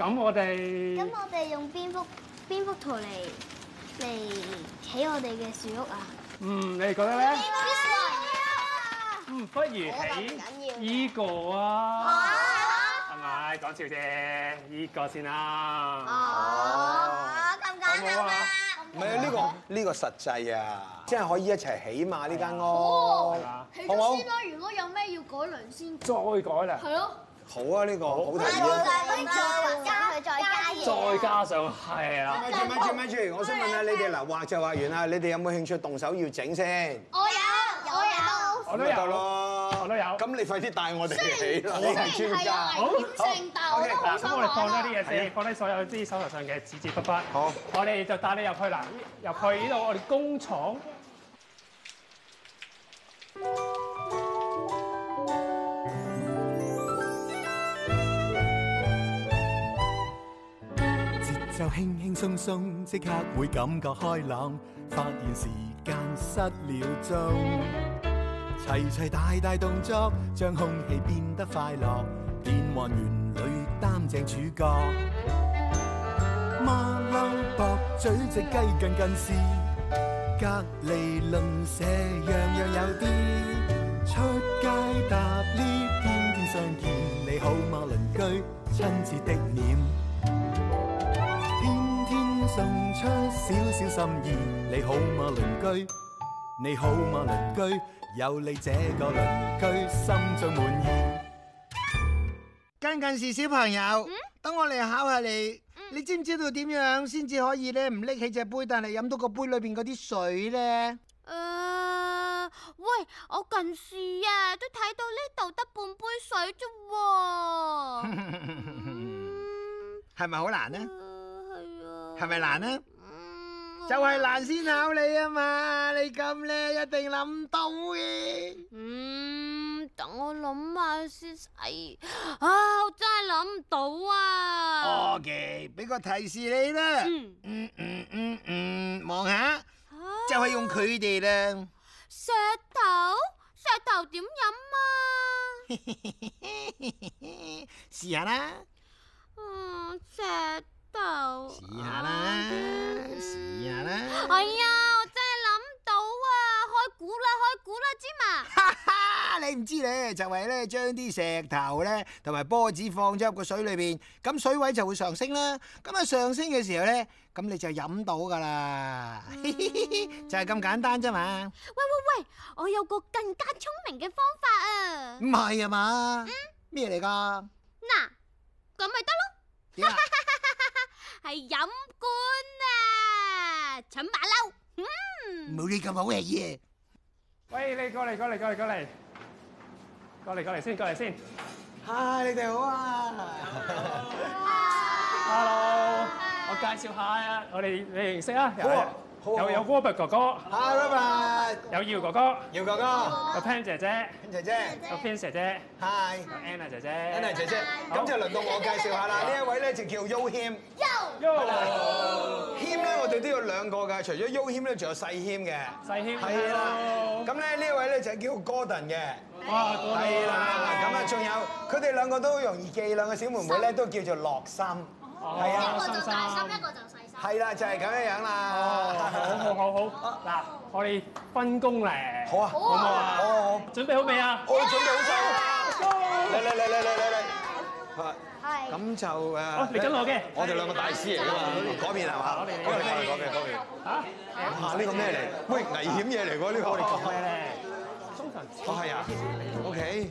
咁我哋咁我哋用邊幅邊幅圖嚟嚟起我哋嘅小屋啊？嗯，你哋覺得咧？嗯，不如起依個啊？係咪講笑啫？依個先啦。哦，咁簡單啊？唔係呢個呢個實際啊，即係可以一齊起嘛呢間屋，好唔好？先啦，如果有咩要改良，先再改啦。係咯。好啊，呢個好得意啊！再加佢，再加完，再加上係啊！咪住，咪住，咪住！我想問下你哋嗱，畫就畫完啦，你哋有冇興趣動手要整先？我有，我有。我都有咯，我都有。咁你快啲帶我哋嚟，我係專家。好，好。O K，嗱，咁我哋放低啲嘢先，放低所有啲手頭上嘅紙紙筆筆。好，我哋就帶你入去啦，入去呢度我哋工廠。又輕輕鬆鬆，即刻會感覺開朗，發現時間失了蹤。齊齊大大動作，將空氣變得快樂，變幻園裏擔正主角。馬騮駁嘴，隻雞近近視，隔籬鄰舍樣樣有啲。出街搭呢天天相見，你好嗎，鄰居？親切的臉。送出少少心意，你好嗎鄰居？你好嗎鄰居？有你這個鄰居，心中滿意。跟近視小朋友、嗯，等我嚟考下你，你知唔知道點樣先至可以咧唔拎起隻杯,但杯水，但係飲到個杯裏邊嗰啲水咧？誒，喂，我近視啊，都睇到呢度得半杯水啫喎。係咪好難呢？嗯係咪難啊？嗯、就係、是、難先考你啊嘛！你咁叻，一定諗到嘅。嗯，等我諗下先。哎，啊，我真係諗唔到啊！OK，俾個提示你啦。嗯嗯嗯嗯嗯，望、嗯、下、嗯嗯啊，就係用佢哋啦。石頭？石頭點飲啊？試 下啦。嗯，石頭。試下啦，試下啦！哎呀，我真係諗到啊，開估啦，開估啦，芝麻！哈哈，你唔知咧，就係咧將啲石頭咧同埋波子放咗入個水裏邊，咁水位就會上升啦。咁啊上升嘅時候咧，咁你就飲到噶啦，就係咁簡單咋嘛？喂喂喂，我有個更加聰明嘅方法啊！唔係啊嘛？咩嚟噶？嗱，咁咪得咯。係飲官啊，蠢馬騮，冇呢個冇嘢。喂，你過嚟，過嚟，過嚟，過嚟，過嚟，過嚟先，過嚟先。嗨，你哋好啊。Hello。Hello。我介紹下啊，我哋你哋認識啊。又有 Robert 哥哥，Hi Robert。有耀哥哥，耀哥哥。有 Pan 姐姐，Pan 姐姐。有 Pan 姐姐，Hi。有 Anna 姐姐，Anna 姐姐。咁就輪到我介紹下啦。呢一位咧就叫謙，謙咧我哋都有兩個㗎，除咗謙咧仲有細謙嘅。細謙，係啦。咁咧呢一位咧就叫 Gordon 嘅。哇，係啦。嗱，咁啊仲有，佢哋兩個都好容易記，兩個小妹妹咧都叫做樂心，係啊，樂心心。係啦，就係咁樣樣啦。好，好，好，好。嗱，我哋分工嚟。好啊，好唔好啊？好好，準備好未啊？我準備好曬啦。嚟嚟嚟嚟嚟嚟嚟。係。咁就誒，嚟緊我嘅。我哋兩個大師嚟㗎嘛，嗰邊係嘛？嗰邊嗰邊嗰邊嗰邊。嚇？啊，呢個咩嚟？喂，危險嘢嚟喎！呢個。哦，咩咧？中層。啊，係啊。OK。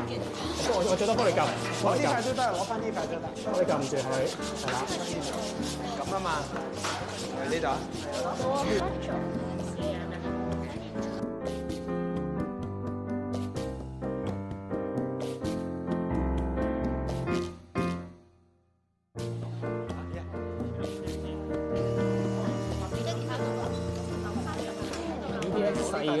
我最多幫你撳，我呢塊都得，我返呢塊都得。你撳唔住係咪？係啦，咁吖嘛，喺呢度。啊啲，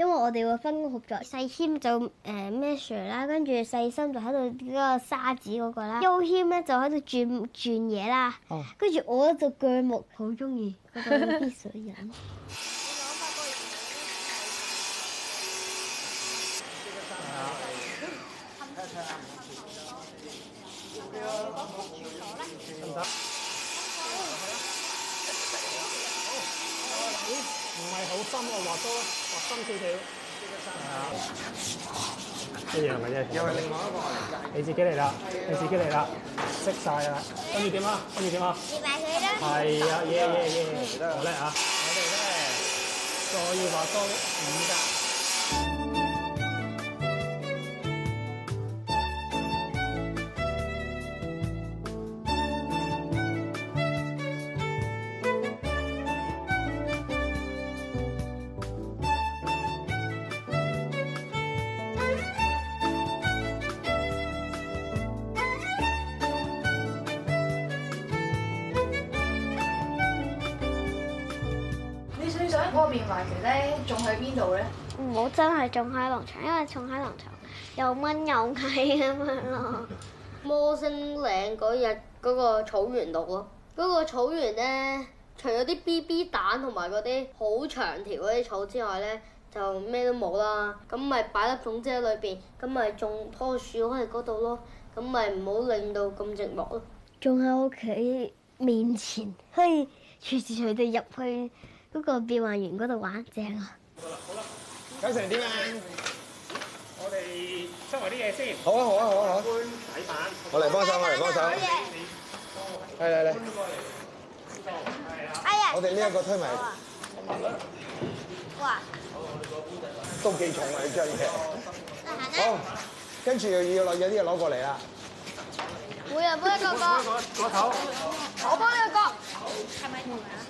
因為我哋會分工合作，細謙就誒 measure 啦，跟住細心就喺度嗰個沙子嗰個啦，優謙咧就喺度轉轉嘢啦，跟住我就鋸木很喜歡，好中意嗰個啲水飲。 心我畫多，畫心少少，識得生下。一樣嘅啫，又係另外一個嚟㗎。你自己嚟啦，你自己嚟啦，識晒喇！跟住點啊？跟住點啊？接埋佢咯。係啊，耶耶耶，好叻啊！我哋咧，再畫多五隻。嗰、那個、面話佢咧種喺邊度咧？唔好真係種喺農場，因為種喺農場又蚊又蟻咁樣咯。摩 星嶺嗰日嗰個草原度咯，嗰個草原咧，除咗啲 B B 蛋同埋嗰啲好長條嗰啲草之外咧，就咩都冇啦。咁咪擺粒種子喺裏邊，咁咪種棵樹喺嗰度咯。咁咪唔好令到咁寂寞咯。種喺屋企面前，嘿，可以隨時隨地入去。嗰、那個變幻園嗰度玩正啊！好啦，好啦，搞成點啊？我哋收埋啲嘢先，好啊，好啊，好啊，好！搬我嚟幫個個手，我嚟幫手。嚟嚟嚟！我哋呢一個推埋。哇！都幾重啊！呢張嘢。好，跟住又要有啲嘢攞過嚟啦。我要搬個個。我幫你個。係咪？嗯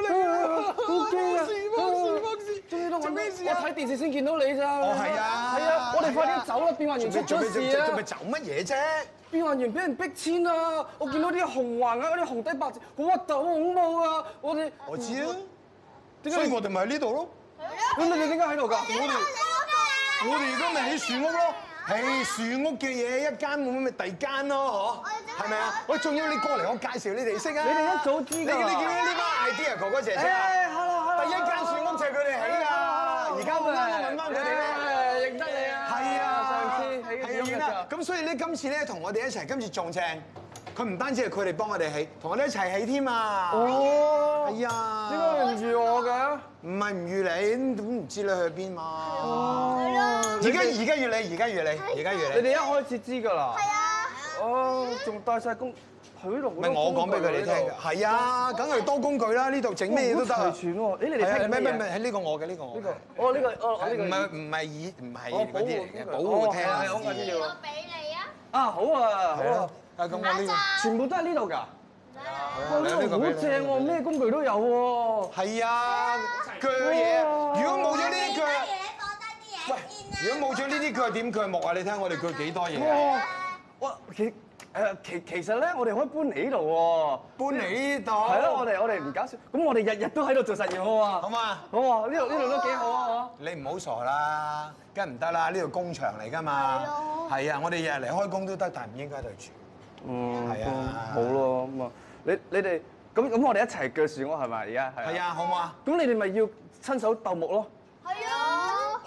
我睇電視先見到你咋？哦係啊，係啊！我哋、哦啊啊啊啊、快啲走啦！變幻、啊、園，出咗事仲咪走乜嘢啫？變幻園，俾人逼遷啊！我見到啲紅橫啊，嗰、嗯、啲紅底白字，好核突，好恐怖啊！我哋我知啊，所以我哋咪喺呢度咯。咁你哋點解喺度㗎？我哋我哋而家咪喺樹屋咯，喺樹屋嘅嘢一間，咁咪第二間咯，嗬？係咪啊？喂，仲要你過嚟，我介紹你哋識啊！你哋一早知你你你點解矮啲啊，哥哥姐姐啊？誒、哎，好啦好啦。第一間樹屋就係佢哋。而家好啱，揾翻佢哋咧，認得你啊！係啊，上次係啊，咁所以咧，今次咧同我哋一齊，今次仲正。佢唔單止係佢哋幫我哋起建建、vale，同我哋一齊起添啊！哦，係啊，點解唔預我㗎？唔係唔預你，都唔知你去邊嘛、啊。哦 zy…，而家而家預你，而家預你，而家預你。你哋一開始知㗎啦。係啊。哦，仲帶晒工。唔係我講俾佢哋聽嘅，係啊，梗係多工具啦，呢度整咩嘢都得。好遺傳喎，你哋嚟聽下。咩咩咩，喺呢個我嘅呢個。呢個，我呢個，我我呢個。唔係唔係以唔係嗰啲嚟嘅，保護聽啊。我俾你啊。啊好啊，係咯。阿咁我呢？全部都喺呢度㗎。係啊，好正喎，咩工具都有喎。係啊，鋸嘢。如果冇咗呢啲鋸，如果冇咗呢啲鋸點鋸木啊？你聽我哋鋸幾多嘢？哇哇幾～誒其其實咧，我哋可以搬你呢度喎。搬你呢度？係咯，我哋我哋唔搞笑。咁我哋日日都喺度做實驗好啊？好嘛？好啊！呢度呢度都幾好啊！你唔好傻啦，梗唔得啦！呢度工場嚟㗎嘛，係啊！我哋日日嚟開工都得，但係唔應該喺度住。嗯，係啊，好咯咁啊！你你哋咁咁，我哋一齊蓋樹屋係咪？而家係啊，好嘛？咁你哋咪要親手鬥木咯？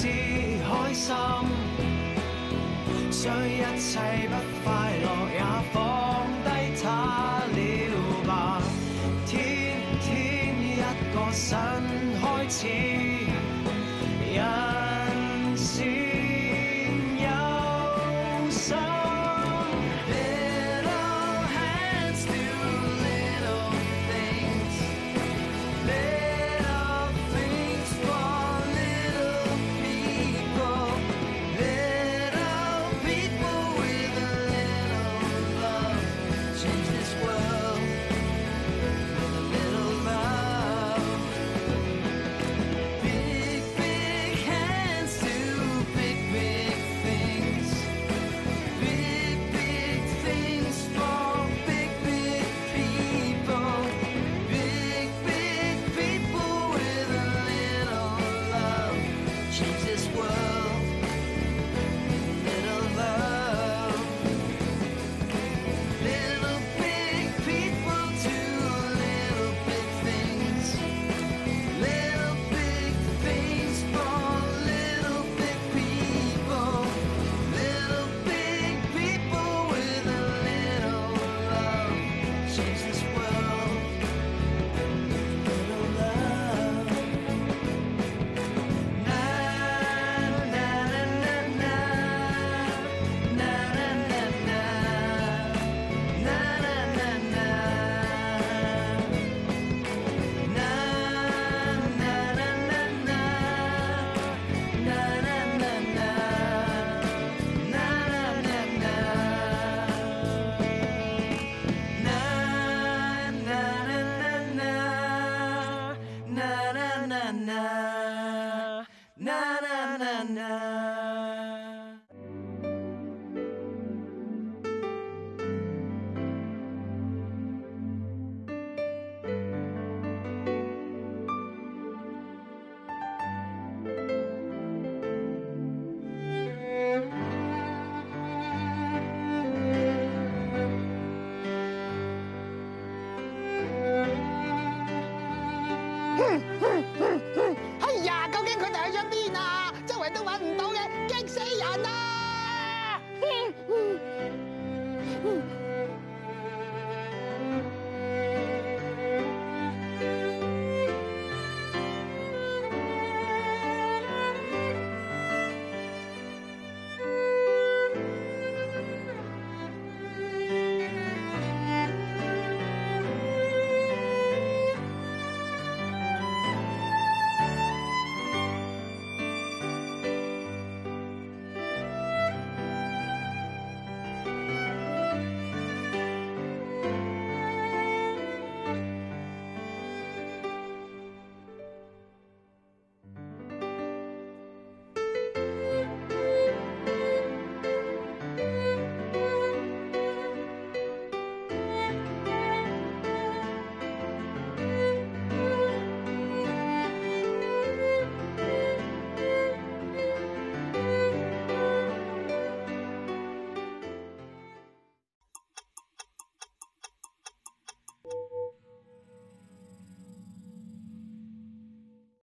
是開心，將一切不快樂也放低它了吧，天天一個新開始。